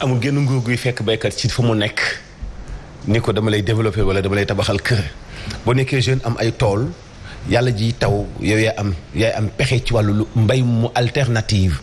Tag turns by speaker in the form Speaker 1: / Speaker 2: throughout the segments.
Speaker 1: amul genn nguur guy fekk baykat ci fa mu nekk ni ko dama lay développer wala dama lay tabaxal kër boo nekkee jeune am ay tool yàlla ji taw yow yaa am yaay am pexe ci wàllu mbay mu alternative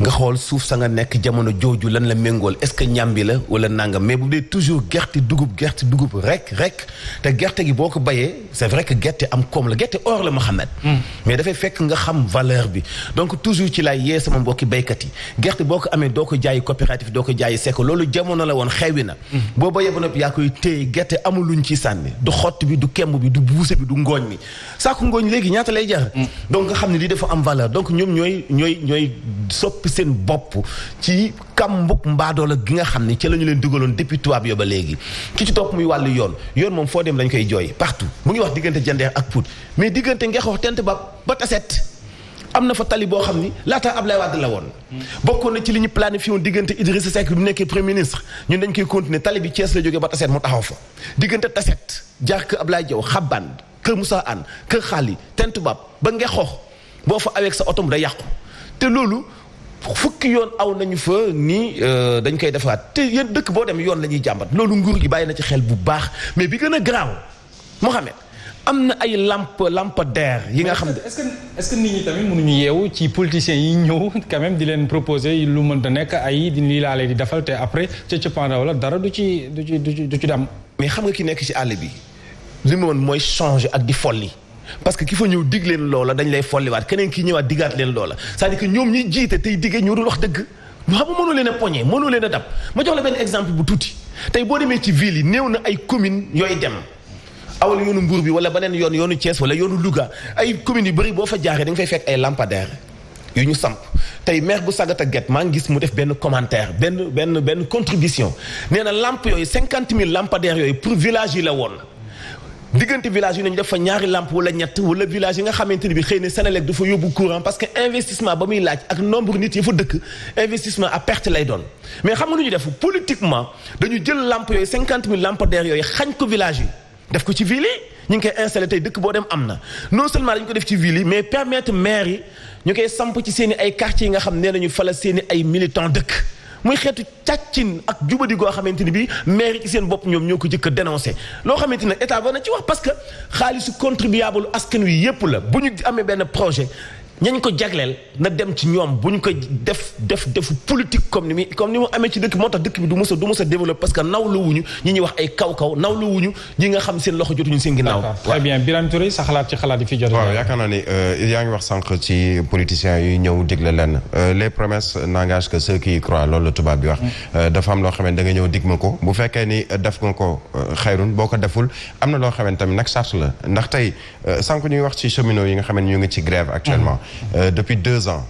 Speaker 1: nga xool suuf sa nga nekk jamono jooju lan la méngool est-ce que ñambi la wala nangam mais bu dee toujours gerte dugub gerte dugub rek rek te gerte gi boo ko bayee c'est vrai que gerte am koom la gerte or la Mohamed hmm. mais dafay fekk nga xam valeur bi donc toujours ci laay yee sama mbokki baykat yi gerte boo ko amee doo ko jaayi coopérative doo ko jaayi sekk loolu jamono la woon xewi na hmm. boo bayee ba noppi yaa koy téye gerte amul luñ ci sànni du xott bi du kemb bi du buuse bi du ngooñ mi saaku ngooñ léegi ñaata lay jar hmm. donc nga xam ne lii dafa am valeur donc ñoom ñooy ñooy soppi seen bopp ci kambuk mbaadoola gi nga xam ne ca la ñu leen dugaloon depuis tubaab yo ba léegi ki ci topp muy wàllu yoon yoon moom foo dem dañ koy jooy partout mu ngi wax diggante jandeer ak Pout mais diggante ngexoox tent ba ba taset na fa tali boo xam ni laataa Ablaye Wade la woon bokkoon na ci li ñu planifié woon diggante Idrissa Seck bu nekkee premier ministre ñun dañ koy continuer tali bi Thiès la jógee ba taset mu taxaw fa diggante taset jaar kër Ablaye Diaw xabbaan kër Moussa Anne kër xaali tent bab ba ngexoox boo fa awee sa otom da yàqu te loolu fukki yoon aw nañu fa ni euh, dañ koy defaat te yéen dëkk boo dem yoon la ñuy jàmbat loolu nguur gi bàyyi na ci xel bu baax mais bi gën a garaaw
Speaker 2: Mohamed am na ay lamp lampadaire yi nga xam ne. est-ce que nit ñi tamit mënuñu yeewu ci politiciens yi ñëw quand même di leen proposer lu mën mënta nekk ay lii laa di defal te après ca cappaandaw la dara du ci du ci du mais xam nga ki nekk ci àll bi
Speaker 1: li mu mooy changer ak di folli. parce que ki fa ñëw dig leen loola dañ lay folliwaat keneen ki ñëwaat digaat leen loola c'est-à-dire que ñoom ñi jiite tey diggee ñu dul wax dëgg ma xam mënoo leen a poñe mënoo leen a dab ma jox la benn exemple bu tuuti tey boo demee ci ville yi néew na ay commune yooy dem awal yoonu Mbour bi wala beneen yoon yoonu Thiès wala yoonu Louga ay commune yu bëri boo fa jaaree da fay fekk ay lampadaire yu ñu samp tey maire bu Sagata Guèye maa ngi gis mu def benn commentaire benn benn benn contribution nee na lamp yooyu cinquante mille lampadaires yooyu pour village yi la woon diggante village yi nañu def fa ñaari lampe wala ñett wala village yi nga xamante ni bi xëy na Senelec dafa yóbbu courant parce que investissement ba muy laaj ak nombre nit yi fa dëkk investissement à perte lay doon mais xam nga lu ñu def politiquement dañu jël lampe yooyu cinquante mille lampadaires yooyu xañ ko village yi def ko ci ville yi ñu ngi koy installé tey dëkk boo dem am na non seulement dañu ko def ci ville yi mais permettre maire yi ñu seen i ay quartiers nga xam nee nañu fa la seen i ay militants dëkk muy xeetu càccin ak jubadi goo xamante ni bii maire ci seen bopp ñoom ñoo ko jëkk dénoncé loo xamante ni nag état war na ci wax parce que xaalisu contribuable askan wi yépp la bu ñu amee benn projet ñañ ko jagleel na dem ci ñoom bu ñu ko def def defu politique comme ni muy comme ni mu amee ci dëkk moo tax dëkk bi du mës a du mës a développé parce que nawlu wuñu ñi ñuy wax ay kaw-kaw nawlu ñi nga xam seen loxo jotuñu
Speaker 2: seen ginnaaw. très bien Birame Touré sa xalaat ci xalaat yi fi jot. waaw
Speaker 3: yaakaar naa ne euh, ngi wax sànq ci yi ñëw digle lenn euh, les promesses n'engagent que ceux qui loolu la tubaab bi wax. Mm. Euh, dafa am loo xam ne nga ñëw dig ma ko bu fekkee ni def nga ko xayrun boo ko deful am na loo xam ne tamit nag charte la ndax tey sànq ñuy wax ci cheminots yi nga xam ne ñu ngi ci grève actuellement Euh, depuis deux ans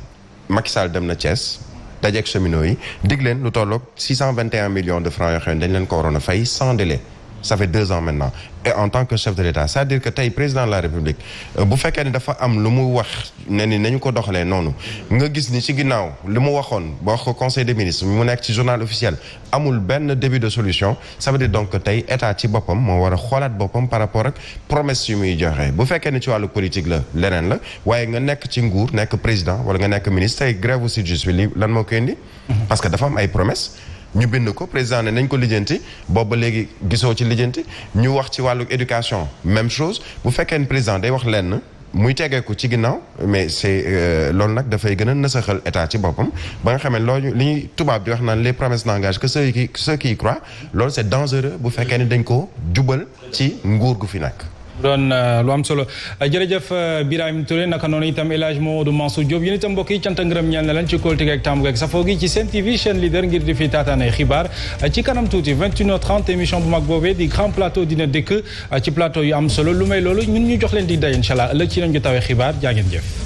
Speaker 3: Macky Sall dem na Thiès. dajeeg cheminots yi dig leen lu tolloog 621 millions de francs yoo xam ne dañ leen ko waroon a fay sans délai. ça fait deux ans maintenant et en tant que chef de l'État c'est-à-dire que tey président de la République euh, bu fekkee ni dafa am lu mu wax ne ni nañu ko doxalee noonu nga gis ni ci ginnaaw li mu waxoon ba wax ko conseil des ministres mu nekk ci journal officiel amul benn début de solution ça veut dire donc tey état ci boppam moo war a xoolaat boppam par rapport ak promesse yu muy joxe bu fekkee ni ci wàllu politique la leneen la waaye nga nekk ci nguur nekk président wala nga nekk ministre tey grève lan moo koy indi mhm. parce que dafa am ay promesse ñu bind ko président ne nañ ko lijjanti boobu ba léegi gisoo ci lijjanti ñu wax ci wàllu éducation même chose bu fekkee ne président day wax lenn muy tegeeku ci ginnaaw mais c'est euh, loolu nag dafay gën a nasaxal état ci boppam ba nga xamee loolu li ñuy tubaab di wax naan les promesses d'engagement que ceux qui ceux qui y croient loolu c'est dangereux bu fekkee ne dañ ko jubal ci nguur gu fi
Speaker 2: nekk doon uh, lu am solo uh, jërëjëf uh, Birame Touré naka noonu itam El Hadj Mamadou Mansour Diop yéen itam mbokk yi cant ak ngërëm ñeel na ci kóolute ak tàmm ak safoo gi ci Sen TV chaîne leader ngir di fi taataanee xibaar ci kanam tuuti 21 h bu mag boobee di grand plateau dina dëkk ci plateau yu lu may loolu ñun ñu jox leen di day incha allah ëllëg ci lañ jotawee xibaar jaa ngeen jëf.